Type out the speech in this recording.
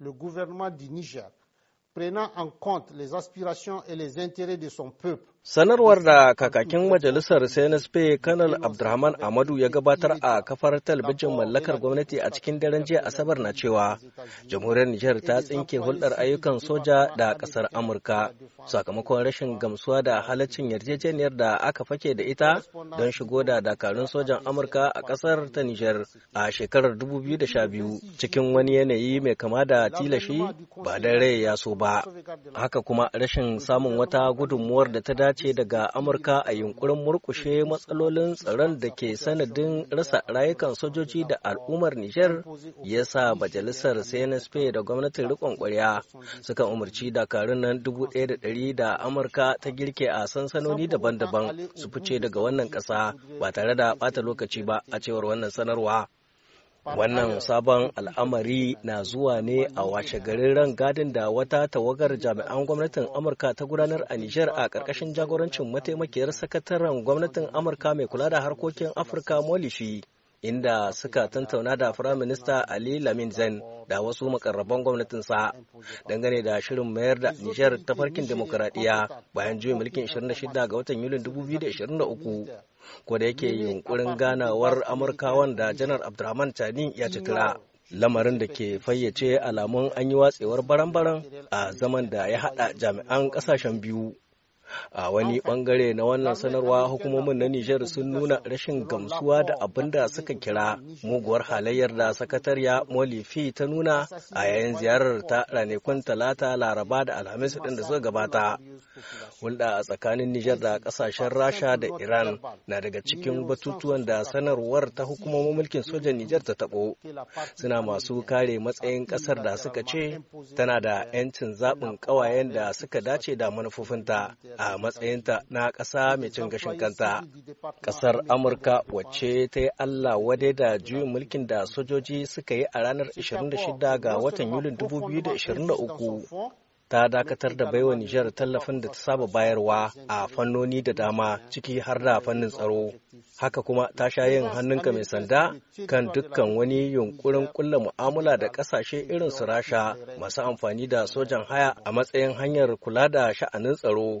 le gouvernement du Niger, prenant en compte les aspirations et les intérêts de son peuple, Sanarwar da kakakin majalisar CNSP Kanal Abdurrahman Amadu ya gabatar a kafar talabijin mallakar gwamnati a cikin daren jiya Asabar na cewa jamhuriyar Nijar ta tsinke hulɗar ayyukan soja da ƙasar Amurka sakamakon rashin gamsuwa da halaccin yarjejeniyar da aka fake da ita don shigo da dakarun sojan Amurka a ƙasar ta Nijar a shekarar 2012 cikin wani yanayi mai kama da tilashi ba da rai ya so ba. Haka kuma rashin samun wata gudunmuwar da ta ce daga Amurka a yunkurin murkushe matsalolin tsaron da ke sanadin rasa rayukan sojoji da al'ummar Nijar ya sa majalisar CNSP da gwamnatin rikon kwarya suka umarci dakarun nan dubu ɗari da Amurka ta girke a sansanoni daban-daban su fice daga wannan ƙasa ba tare da ɓata lokaci ba a cewar wannan sanarwa. Wannan sabon al'amari na zuwa ne a washe garin ran gadin da wata tawagar jami'an gwamnatin Amurka ta gudanar a Nijar a ƙarƙashin jagorancin mataimakiyar sakataren gwamnatin Amurka mai kula da harkokin Afirka Molishi inda suka tantauna da Firayim Minista Ali Lamin Zain da wasu makarraban gwamnatinsa dangane da shirin mayar da Nijar farkin demokuraɗiyya bayan juyin mulkin 26 ga watan Yuli 2023. Ko da yake yunkurin ganawar Amurkawan da Janar Abdurrahman Tani ya citira. lamarin da ke fayyace alamun an yi watsewar baran-baran a zaman da ya haɗa jami'an ƙasashen biyu. a wani bangare na wannan sanarwa hukumomin na nijar sun nuna rashin gamsuwa da abin da suka kira muguwar halayyar da sakatariya molifi ta nuna a yayin ziyarar ta ranakun talata laraba da alhamis din da suka gabata hulɗa a tsakanin nijar da ƙasashen rasha da iran na daga cikin batutuwan da sanarwar ta hukumomin mulkin sojan nijar ta taɓo suna masu kare matsayin ƙasar da suka ce tana da 'yancin zaɓin ƙawayen da suka dace da manufofinta a matsayinta na ƙasa mai cin gashin kanta. Ƙasar Amurka wacce ta yi Allah wade da juyin mulkin da sojoji suka yi a ranar 26 ga watan Yulin 2023. ta dakatar da baiwa Nijar tallafin da ta saba bayarwa a fannoni da dama ciki har da fannin tsaro. Haka kuma ta sha yin hannunka mai sanda kan dukkan wani yunkurin kulla mu'amala da ƙasashe irin su Rasha masu amfani da sojan haya a matsayin hanyar kula da sha'anin tsaro.